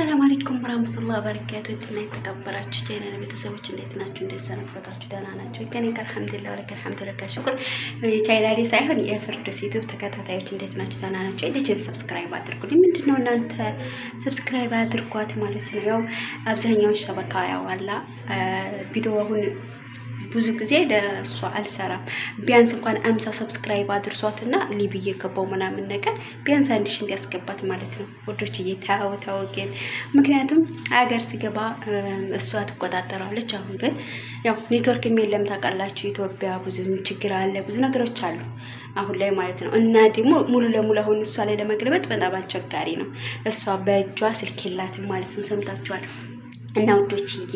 አሰላም አለይኩም ወራህመቱላሂ በረካቱ እና የተከበራችሁ ቻናል ቤተሰቦች እንዴት ናችሁ? እንዴት ሰነበታችሁ? ደህና ናችሁ? ከኔ ጋር አልሐምዱሊላህ ወለከ አልሐምዱሊላህ ሽኩር የቻናሌ ሳይሆን የፍርዶስ ዩቲዩብ ተከታታዮች እንዴት ናችሁ? ደህና ናችሁ? ልጅን ሰብስክራይብ አድርጉልኝ። ምንድነው እናንተ ሰብስክራይብ አድርጓት ማለት ነው። ያው አብዛኛውን ሸበካ ያው አላ ቪዲዮውን ብዙ ጊዜ ለእሷ አልሰራም። ቢያንስ እንኳን አምሳ ሰብስክራይብ አድርሷት እና ሊብ እየገባው ምናምን ነገር ቢያንስ አንድ ሺ እንዲያስገባት ማለት ነው ወዶች እየታወ ምክንያቱም አገር ስገባ እሷ ትቆጣጠራለች። አሁን ግን ያው ኔትወርክም የለም ታውቃላችሁ። ኢትዮጵያ ብዙ ችግር አለ፣ ብዙ ነገሮች አሉ አሁን ላይ ማለት ነው። እና ደግሞ ሙሉ ለሙሉ አሁን እሷ ላይ ለመግለበጥ በጣም አስቸጋሪ ነው። እሷ በእጇ ስልክ የላትም ማለት ነው። ሰምታችኋል። እና ውዶችዬ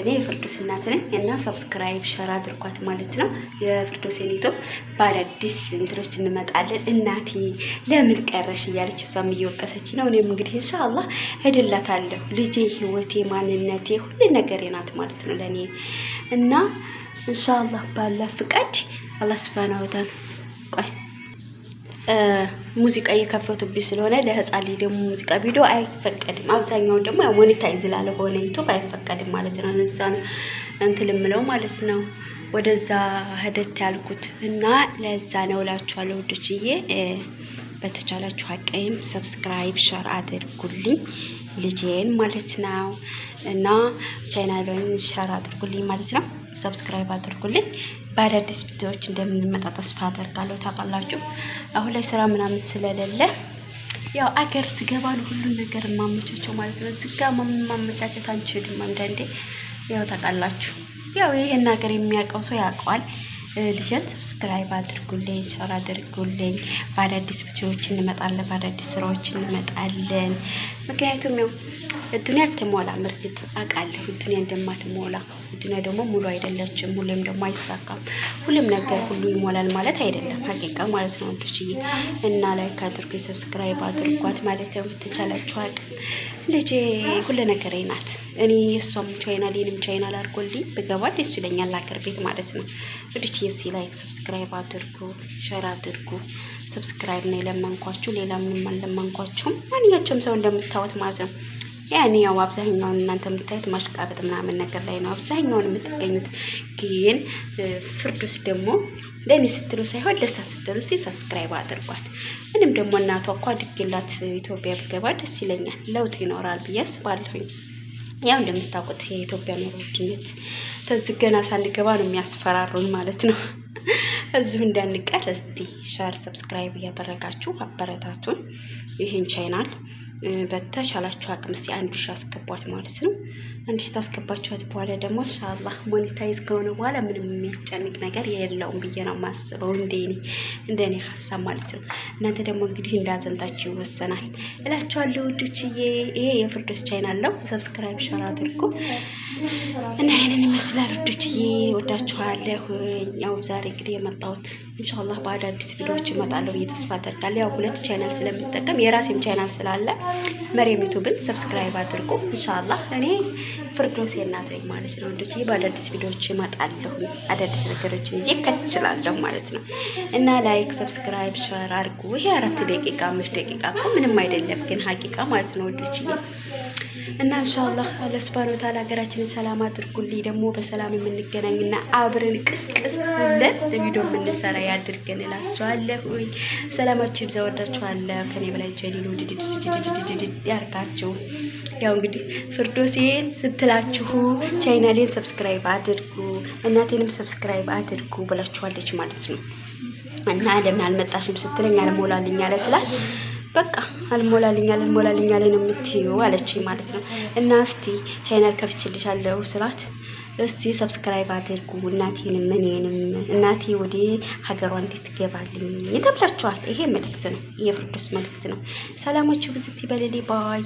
እኔ የፍርዶስ እናት ነኝ እና ሰብስክራይብ ሸር አድርጓት ማለት ነው። የፍርዶስ ኔቶ በአዳዲስ እንትኖች እንመጣለን። እናቴ ለምን ቀረሽ እያለች እሷም እየወቀሰች ነው። እኔም እንግዲህ ኢንሻአላህ እድላታለሁ። ልጄ፣ ህይወቴ፣ ማንነቴ ሁሉ ነገር ናት ማለት ነው ለእኔ እና ኢንሻአላህ ባለ ፍቃድ አላህ ስብሃነ ወተዓላ ቆይ ሙዚቃ እየከፈቱብኝ ስለሆነ ለህፃን ልጅ ደግሞ ሙዚቃ ቪዲዮ አይፈቀድም። አብዛኛውን ደግሞ ያው ሞኔታይዝ ላለሆነ ዩቱብ አይፈቀድም ማለት ነው። እዛ ነው እንትን እምለው ማለት ነው ወደዛ ሂደት ያልኩት እና ለዛ ነው እላችኋለሁ ውዶችዬ። በተቻላችሁ አቀይም ሰብስክራይብ ሸር አድርጉልኝ ልጄን ማለት ነው እና ቻይና ሸር አድርጉልኝ ማለት ነው። ሰብስክራይብ አድርጉልኝ። በአዳዲስ ቪዲዮዎች እንደምንመጣ ተስፋ አደርጋለሁ። ታውቃላችሁ አሁን ላይ ስራ ምናምን ስለሌለ ያው አገር ስገባ ነው ነገር ማመቻቸው ማለት ነው። ዝጋ ማመቻቸት አንችልም። አንዳንዴ ያው ታውቃላችሁ፣ ያው ይህን ሀገር የሚያውቀው ሰው ያውቀዋል። ልጀን ሰብስክራይብ አድርጉልኝ፣ ሸር አድርጉልኝ። በአዳዲስ ቪዲዮዎች እንመጣለን፣ በአዳዲስ ስራዎች እንመጣለን። ምክንያቱም ያው እዱንያ አትሞላም። እርግጥ አውቃለሁ እዱንያ እንደማትሞላ እዱንያ ደግሞ ሙሉ አይደለችም። ሁሌም ደግሞ አይሳካም። ሁሌም ነገር ሁሉ ይሞላል ማለት አይደለም። ሀቂቃ ማለት ነው ወንዶችዬ። እና ላይክ አድርጉ፣ ሰብስክራይብ አድርጓት ማለት ነው ብትቻላችሁ አቅም ልጄ ሁሉ ነገር ናት። እኔ የእሷም ቻይና የእኔም ቻይና አድርጎልኝ ብገባ ደስ ይለኛል፣ አገር ቤት ማለት ነው ወንዶችዬ። እስኪ ላይክ ሰብስክራይብ አድርጉ፣ ሸር አድርጉ። ሰብስክራይብ ነው የለመንኳችሁ፣ ሌላ ምንም አልለመንኳችሁም። ማንኛቸውም ሰው እንደምታ የምሰራሁት ማለት ነው። ያኔ ያው አብዛኛውን እናንተ የምታዩት ማሽቃበጥ ምናምን ነገር ላይ ነው አብዛኛውን የምትገኙት። ግን ፍርዱስ ደግሞ ለእኔ ስትሉ ሳይሆን ለሳ ስትሉ ሲ ሰብስክራይብ አድርጓት። ምንም ደግሞ እናቷ እኮ አድጌላት ኢትዮጵያ ብገባ ደስ ይለኛል፣ ለውጥ ይኖራል ብዬ አስባለሁኝ። ያው እንደምታውቁት የኢትዮጵያ ኑሮ ውድነት ተዚህ ገና ሳንገባ ነው የሚያስፈራሩን ማለት ነው። እዚሁ እንዳንቀር እስቲ ሻር፣ ሰብስክራይብ እያደረጋችሁ አበረታቱን ይህን ቻይናል በተቻላችሁ አቅም እስኪ አንድ ውሻ አስገቧት ማለት ነው። አንቺ ስታስገባችኋት በኋላ ደግሞ ኢንሻአላህ ሞኔታይዝ ከሆነ በኋላ ምንም የሚያስጨንቅ ነገር የለውም ብዬ ነው የማስበው። እንደኔ እንደኔ ሀሳብ ማለት ነው። እናንተ ደግሞ እንግዲህ እንዳዘንታችሁ ይወሰናል እላችኋለሁ ውዶችዬ። ይሄ የፍርዶስ ቻናል ነው። ሰብስክራይብ ሻር አድርጉ እና ይሄንን ይመስላል ውዶችዬ። ወዳችኋለሁ። ያው ዛሬ እንግዲህ የመጣሁት ኢንሻአላህ በአዳዲስ ቪዲዮዎች እመጣለሁ ብዬ ተስፋ አደርጋለሁ። ያው ሁለት ቻናል ስለምጠቀም የራሴም ቻናል ስላለ መሪም ዩቱብን ሰብስክራይብ አድርጉ ኢንሻአላህ እኔ ፍርዶሴ እናት ነኝ ማለት ነው። እንዶች በአዳዲስ ቪዲዮዎች እመጣለሁ፣ አዳዲስ ነገሮች ይዤ ማለት ነው። እና ላይክ፣ ሰብስክራይብ፣ ሸር አድርጉ። ይሄ አራት ደቂቃ አምስት ደቂቃ እኮ ምንም አይደለም፣ ግን ሀቂቃ ማለት ነው ወዶችዬ እና እንሻላህ ለሱብሃነ ወተዓላ ሀገራችንን ሰላም አድርጉልኝ። ደግሞ በሰላም የምንገናኝና አብረን ቅስቅስ ብለን ቪዲዮ የምንሰራ ያድርገን እላችኋለሁ። ሰላማችሁ ይብዛ። ወዳችኋለሁ። ከኔ በላይ ጀሊሉ ድድድድድድድድድ ያርጋችሁ። ያው እንግዲህ ፍርዶሴን ስትላችሁ ቻይናሌን ሰብስክራይብ አድርጉ፣ እናቴንም ሰብስክራይብ አድርጉ ብላችኋለች ማለት ነው እና ለምን አልመጣሽም ስትለኝ አልሞላልኝ አለ ስላል በቃ አልሞላልኛል አልሞላልኛል ነው የምትዩ አለች ማለት ነው። እና እስቲ ቻይናል ከፍችልሻለሁ ስራት እስቲ ሰብስክራይብ አድርጉ እናቴንም እኔንም እናቴ ወደ ሀገሯ እንድትገባልኝ ተብላችኋል። ይሄ መልእክት ነው፣ የፍርዶስ መልእክት ነው። ሰላሞቹ ብዝት ይበልልኝ ባይ